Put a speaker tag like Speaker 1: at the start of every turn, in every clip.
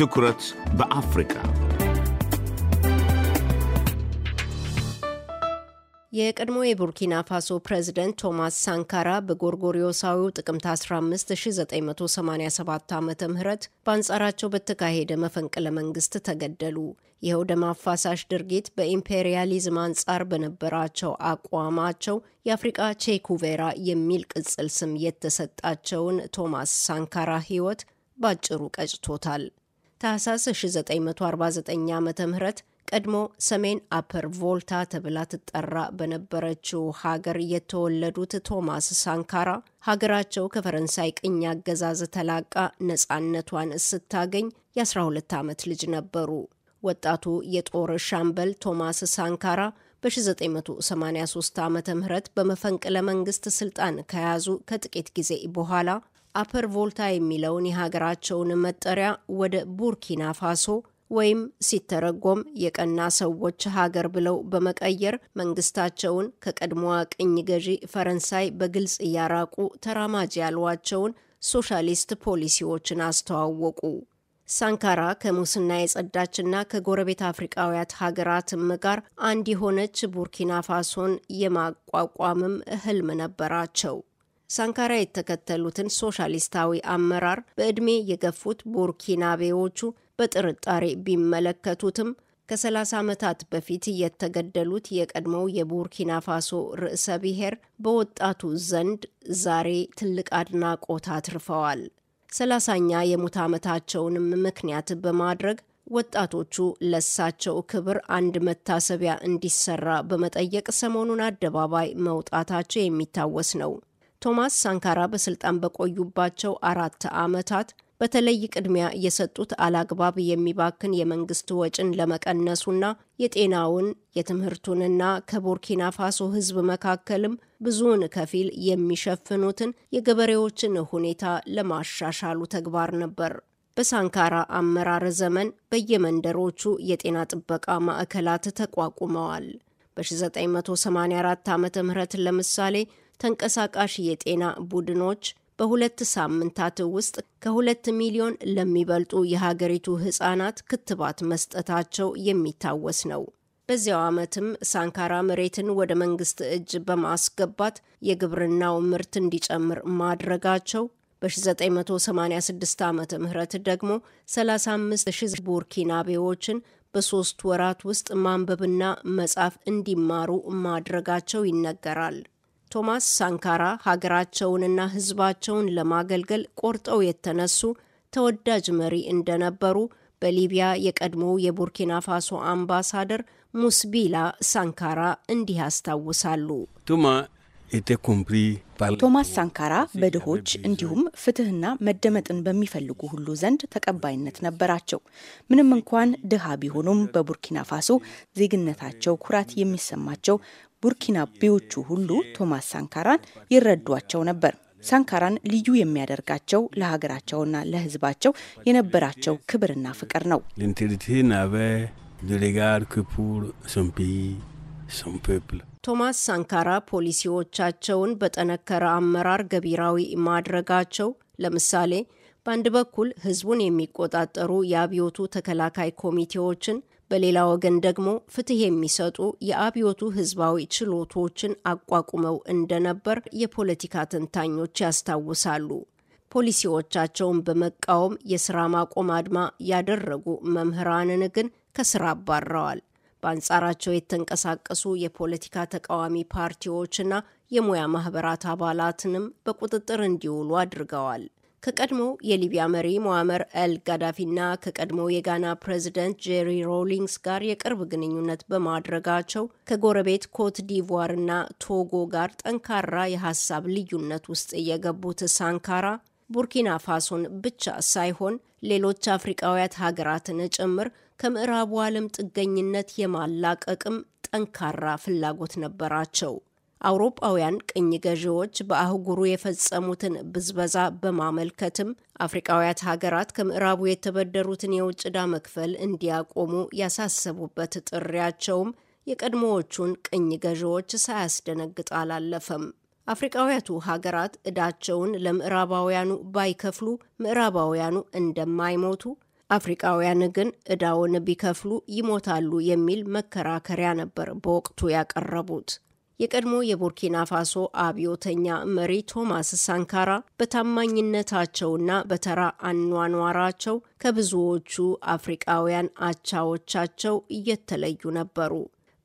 Speaker 1: ትኩረት በአፍሪካ የቀድሞ የቡርኪና ፋሶ ፕሬዝደንት ቶማስ ሳንካራ በጎርጎሪዮሳዊው ጥቅምት 15987 ዓ ም በአንጻራቸው በተካሄደ መፈንቅለ መንግስት ተገደሉ። ይኸው ደም አፋሳሽ ድርጊት በኢምፔሪያሊዝም አንጻር በነበራቸው አቋማቸው የአፍሪቃ ቼኩቬራ የሚል ቅጽል ስም የተሰጣቸውን ቶማስ ሳንካራ ሕይወት ባጭሩ ቀጭቶታል። ታህሳስ 1949 ዓ ም ቀድሞ ሰሜን አፐር ቮልታ ተብላ ትጠራ በነበረችው ሀገር የተወለዱት ቶማስ ሳንካራ ሀገራቸው ከፈረንሳይ ቅኝ አገዛዝ ተላቃ ነፃነቷን ስታገኝ የ12 ዓመት ልጅ ነበሩ። ወጣቱ የጦር ሻምበል ቶማስ ሳንካራ በ1983 ዓ ም በመፈንቅለ መንግስት ስልጣን ከያዙ ከጥቂት ጊዜ በኋላ አፐር ቮልታ የሚለውን የሀገራቸውን መጠሪያ ወደ ቡርኪና ፋሶ ወይም ሲተረጎም የቀና ሰዎች ሀገር ብለው በመቀየር መንግስታቸውን ከቀድሞዋ ቅኝ ገዢ ፈረንሳይ በግልጽ እያራቁ ተራማጅ ያሏቸውን ሶሻሊስት ፖሊሲዎችን አስተዋወቁ። ሳንካራ ከሙስና የጸዳችና ከጎረቤት አፍሪቃውያት ሀገራትም ጋር አንድ የሆነች ቡርኪና ፋሶን የማቋቋምም ህልም ነበራቸው። ሳንካራ የተከተሉትን ሶሻሊስታዊ አመራር በዕድሜ የገፉት ቡርኪናቤዎቹ በጥርጣሬ ቢመለከቱትም ከ30 ዓመታት በፊት የተገደሉት የቀድሞው የቡርኪና ፋሶ ርዕሰ ብሔር በወጣቱ ዘንድ ዛሬ ትልቅ አድናቆት አትርፈዋል። ሰላሳኛ የሙት ዓመታቸውንም ምክንያት በማድረግ ወጣቶቹ ለሳቸው ክብር አንድ መታሰቢያ እንዲሰራ በመጠየቅ ሰሞኑን አደባባይ መውጣታቸው የሚታወስ ነው። ቶማስ ሳንካራ በስልጣን በቆዩባቸው አራት ዓመታት በተለይ ቅድሚያ የሰጡት አላግባብ የሚባክን የመንግስት ወጪን ለመቀነሱና የጤናውን የትምህርቱንና ከቡርኪና ፋሶ ሕዝብ መካከልም ብዙውን ከፊል የሚሸፍኑትን የገበሬዎችን ሁኔታ ለማሻሻሉ ተግባር ነበር። በሳንካራ አመራር ዘመን በየመንደሮቹ የጤና ጥበቃ ማዕከላት ተቋቁመዋል። በ1984 ዓ ም ለምሳሌ ተንቀሳቃሽ የጤና ቡድኖች በሁለት ሳምንታት ውስጥ ከሁለት ሚሊዮን ለሚበልጡ የሀገሪቱ ህጻናት ክትባት መስጠታቸው የሚታወስ ነው። በዚያው ዓመትም ሳንካራ መሬትን ወደ መንግስት እጅ በማስገባት የግብርናው ምርት እንዲጨምር ማድረጋቸው በ1986 ዓ ም ደግሞ 35 ቡርኪናቤዎችን በሦስት ወራት ውስጥ ማንበብና መጻፍ እንዲማሩ ማድረጋቸው ይነገራል። ቶማስ ሳንካራ ሀገራቸውንና ህዝባቸውን ለማገልገል ቆርጠው የተነሱ ተወዳጅ መሪ እንደነበሩ በሊቢያ የቀድሞው የቡርኪና ፋሶ አምባሳደር ሙስቢላ ሳንካራ እንዲህ አስታውሳሉ። ቶማስ ሳንካራ በድሆች እንዲሁም ፍትህና መደመጥን በሚፈልጉ ሁሉ ዘንድ ተቀባይነት ነበራቸው። ምንም እንኳን ድሃ ቢሆኑም በቡርኪና ፋሶ ዜግነታቸው ኩራት የሚሰማቸው ቡርኪናቤዎቹ ሁሉ ቶማስ ሳንካራን ይረዷቸው ነበር። ሳንካራን ልዩ የሚያደርጋቸው ለሀገራቸውና ለሕዝባቸው የነበራቸው ክብርና ፍቅር ነው። ቶማስ ሳንካራ ፖሊሲዎቻቸውን በጠነከረ አመራር ገቢራዊ ማድረጋቸው ለምሳሌ በአንድ በኩል ህዝቡን የሚቆጣጠሩ የአብዮቱ ተከላካይ ኮሚቴዎችን በሌላ ወገን ደግሞ ፍትህ የሚሰጡ የአብዮቱ ህዝባዊ ችሎቶችን አቋቁመው እንደነበር የፖለቲካ ተንታኞች ያስታውሳሉ። ፖሊሲዎቻቸውን በመቃወም የስራ ማቆም አድማ ያደረጉ መምህራንን ግን ከስራ አባረዋል። በአንጻራቸው የተንቀሳቀሱ የፖለቲካ ተቃዋሚ ፓርቲዎችና የሙያ ማህበራት አባላትንም በቁጥጥር እንዲውሉ አድርገዋል። ከቀድሞው የሊቢያ መሪ ሞአመር አል ጋዳፊና ከቀድሞ የጋና ፕሬዚደንት ጄሪ ሮሊንግስ ጋር የቅርብ ግንኙነት በማድረጋቸው ከጎረቤት ኮት እና ቶጎ ጋር ጠንካራ የሀሳብ ልዩነት ውስጥ የገቡት ሳንካራ ቡርኪና ፋሶን ብቻ ሳይሆን ሌሎች አፍሪቃውያት ሀገራትን ጭምር ከምዕራቡ ዓለም ጥገኝነት የማላቀቅም ጠንካራ ፍላጎት ነበራቸው። አውሮፓውያን ቅኝ ገዢዎች በአህጉሩ የፈጸሙትን ብዝበዛ በማመልከትም አፍሪቃውያት ሀገራት ከምዕራቡ የተበደሩትን የውጭ ዕዳ መክፈል እንዲያቆሙ ያሳሰቡበት ጥሪያቸውም የቀድሞዎቹን ቅኝ ገዢዎች ሳያስደነግጥ አላለፈም። አፍሪቃውያቱ ሀገራት ዕዳቸውን ለምዕራባውያኑ ባይከፍሉ ምዕራባውያኑ እንደማይሞቱ አፍሪቃውያን ግን ዕዳውን ቢከፍሉ ይሞታሉ የሚል መከራከሪያ ነበር በወቅቱ ያቀረቡት። የቀድሞ የቡርኪና ፋሶ አብዮተኛ መሪ ቶማስ ሳንካራ በታማኝነታቸውና በተራ አኗኗራቸው ከብዙዎቹ አፍሪቃውያን አቻዎቻቸው እየተለዩ ነበሩ።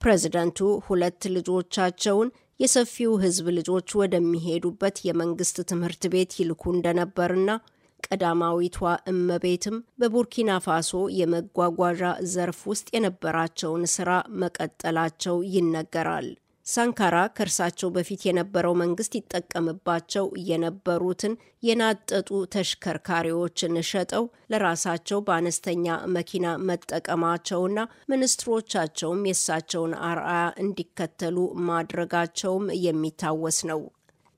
Speaker 1: ፕሬዝደንቱ ሁለት ልጆቻቸውን የሰፊው ሕዝብ ልጆች ወደሚሄዱበት የመንግስት ትምህርት ቤት ይልኩ እንደነበርና ቀዳማዊቷ እመቤትም በቡርኪና ፋሶ የመጓጓዣ ዘርፍ ውስጥ የነበራቸውን ስራ መቀጠላቸው ይነገራል። ሳንካራ ከእርሳቸው በፊት የነበረው መንግስት ይጠቀምባቸው የነበሩትን የናጠጡ ተሽከርካሪዎችን ሸጠው ለራሳቸው በአነስተኛ መኪና መጠቀማቸውና ሚኒስትሮቻቸውም የእሳቸውን አርአያ እንዲከተሉ ማድረጋቸውም የሚታወስ ነው።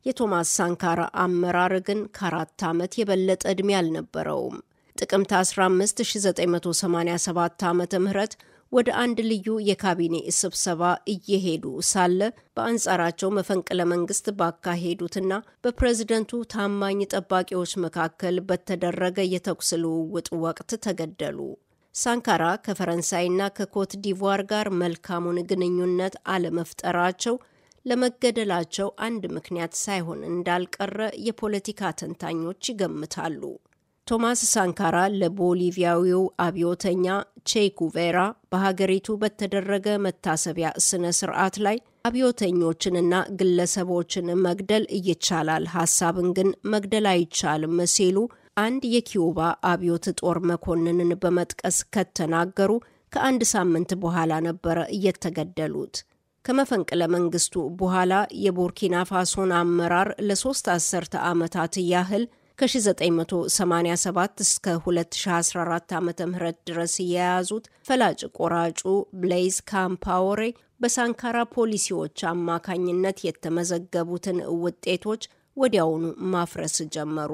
Speaker 1: የቶማስ ሳንካራ አመራር ግን ከአራት ዓመት የበለጠ ዕድሜ አልነበረውም። ጥቅምት 15 1987 ዓ ም ወደ አንድ ልዩ የካቢኔ ስብሰባ እየሄዱ ሳለ በአንጻራቸው መፈንቅለ መንግስት ባካሄዱትና በፕሬዝደንቱ ታማኝ ጠባቂዎች መካከል በተደረገ የተኩስ ልውውጥ ወቅት ተገደሉ። ሳንካራ ከፈረንሳይና ከኮት ዲቯር ጋር መልካሙን ግንኙነት አለመፍጠራቸው ለመገደላቸው አንድ ምክንያት ሳይሆን እንዳልቀረ የፖለቲካ ተንታኞች ይገምታሉ። ቶማስ ሳንካራ ለቦሊቪያዊው አብዮተኛ ቼኩቬራ በሀገሪቱ በተደረገ መታሰቢያ ስነ ስርዓት ላይ አብዮተኞችንና ግለሰቦችን መግደል ይቻላል፣ ሀሳብን ግን መግደል አይቻልም ሲሉ አንድ የኪዩባ አብዮት ጦር መኮንንን በመጥቀስ ከተናገሩ ከአንድ ሳምንት በኋላ ነበረ እየተገደሉት። ከመፈንቅለ መንግስቱ በኋላ የቡርኪና ፋሶን አመራር ለሶስት አስርተ ዓመታት ያህል ከ1987 እስከ 2014 ዓ ም ድረስ የያዙት ፈላጭ ቆራጩ ብሌይዝ ካምፓወሬ በሳንካራ ፖሊሲዎች አማካኝነት የተመዘገቡትን ውጤቶች ወዲያውኑ ማፍረስ ጀመሩ።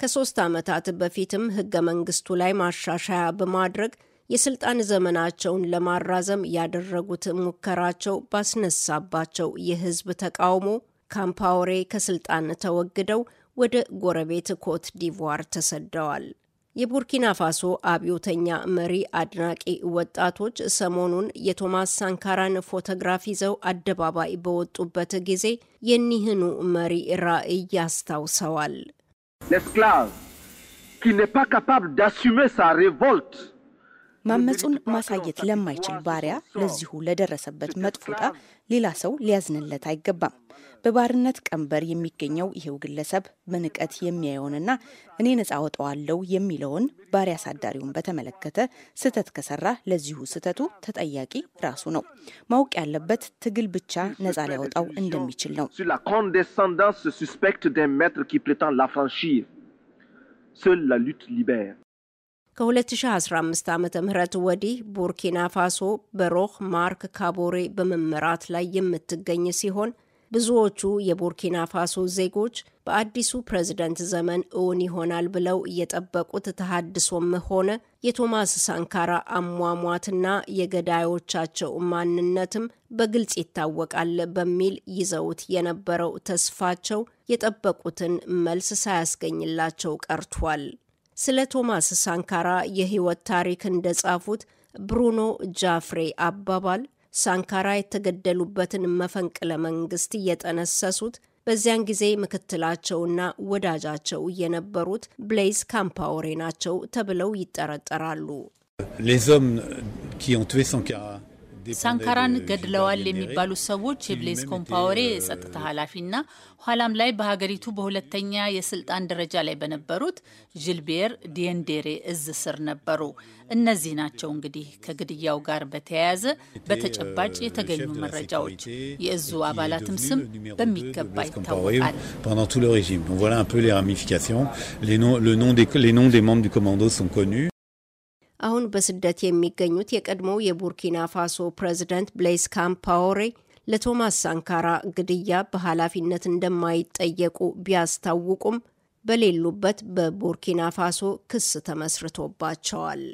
Speaker 1: ከሶስት ዓመታት በፊትም ህገ መንግስቱ ላይ ማሻሻያ በማድረግ የስልጣን ዘመናቸውን ለማራዘም ያደረጉት ሙከራቸው ባስነሳባቸው የህዝብ ተቃውሞ ካምፓወሬ ከስልጣን ተወግደው ወደ ጎረቤት ኮት ዲቮር ተሰደዋል። የቡርኪና ፋሶ አብዮተኛ መሪ አድናቂ ወጣቶች ሰሞኑን የቶማስ ሳንካራን ፎቶግራፍ ይዘው አደባባይ በወጡበት ጊዜ የኒህኑ መሪ ራዕይ ያስታውሰዋል። ማመፁን ማሳየት ለማይችል ባሪያ ለዚሁ ለደረሰበት መጥፎጣ ሌላ ሰው ሊያዝንለት አይገባም። በባርነት ቀንበር የሚገኘው ይሄው ግለሰብ በንቀት የሚያየውንና እኔ ነጻ ወጣዋለው የሚለውን ባሪያ አሳዳሪውን በተመለከተ ስህተት ከሰራ ለዚሁ ስህተቱ ተጠያቂ ራሱ ነው። ማወቅ ያለበት ትግል ብቻ ነጻ ሊያወጣው እንደሚችል ነው። ከ2015 ዓ ም ወዲህ ቡርኪና ፋሶ በሮህ ማርክ ካቦሬ በመመራት ላይ የምትገኝ ሲሆን ብዙዎቹ የቡርኪና ፋሶ ዜጎች በአዲሱ ፕሬዝደንት ዘመን እውን ይሆናል ብለው እየጠበቁት ተሃድሶም ሆነ የቶማስ ሳንካራ አሟሟትና የገዳዮቻቸው ማንነትም በግልጽ ይታወቃል በሚል ይዘውት የነበረው ተስፋቸው የጠበቁትን መልስ ሳያስገኝላቸው ቀርቷል። ስለ ቶማስ ሳንካራ የህይወት ታሪክ እንደጻፉት ብሩኖ ጃፍሬ አባባል ሳንካራ የተገደሉበትን መፈንቅለ መንግስት እየጠነሰሱት በዚያን ጊዜ ምክትላቸውና ወዳጃቸው የነበሩት ብሌይዝ ካምፓወሬ ናቸው ተብለው ይጠረጠራሉ። ሳንካራን ገድለዋል የሚባሉት ሰዎች የብሌዝ ኮምፓወሬ የጸጥታ ኃላፊና ኋላም ላይ በሀገሪቱ በሁለተኛ የስልጣን ደረጃ ላይ በነበሩት ዥልቤር ዲንዴሬ እዝ ስር ነበሩ። እነዚህ ናቸው እንግዲህ ከግድያው ጋር በተያያዘ በተጨባጭ የተገኙ መረጃዎች። የእዙ አባላትም ስም በሚገባ ይታወቃል። አሁን በስደት የሚገኙት የቀድሞው የቡርኪና ፋሶ ፕሬዝዳንት ብሌስ ካምፓወሬ ለቶማስ ሳንካራ ግድያ በኃላፊነት እንደማይጠየቁ ቢያስታውቁም በሌሉበት በቡርኪና ፋሶ ክስ ተመስርቶባቸዋል።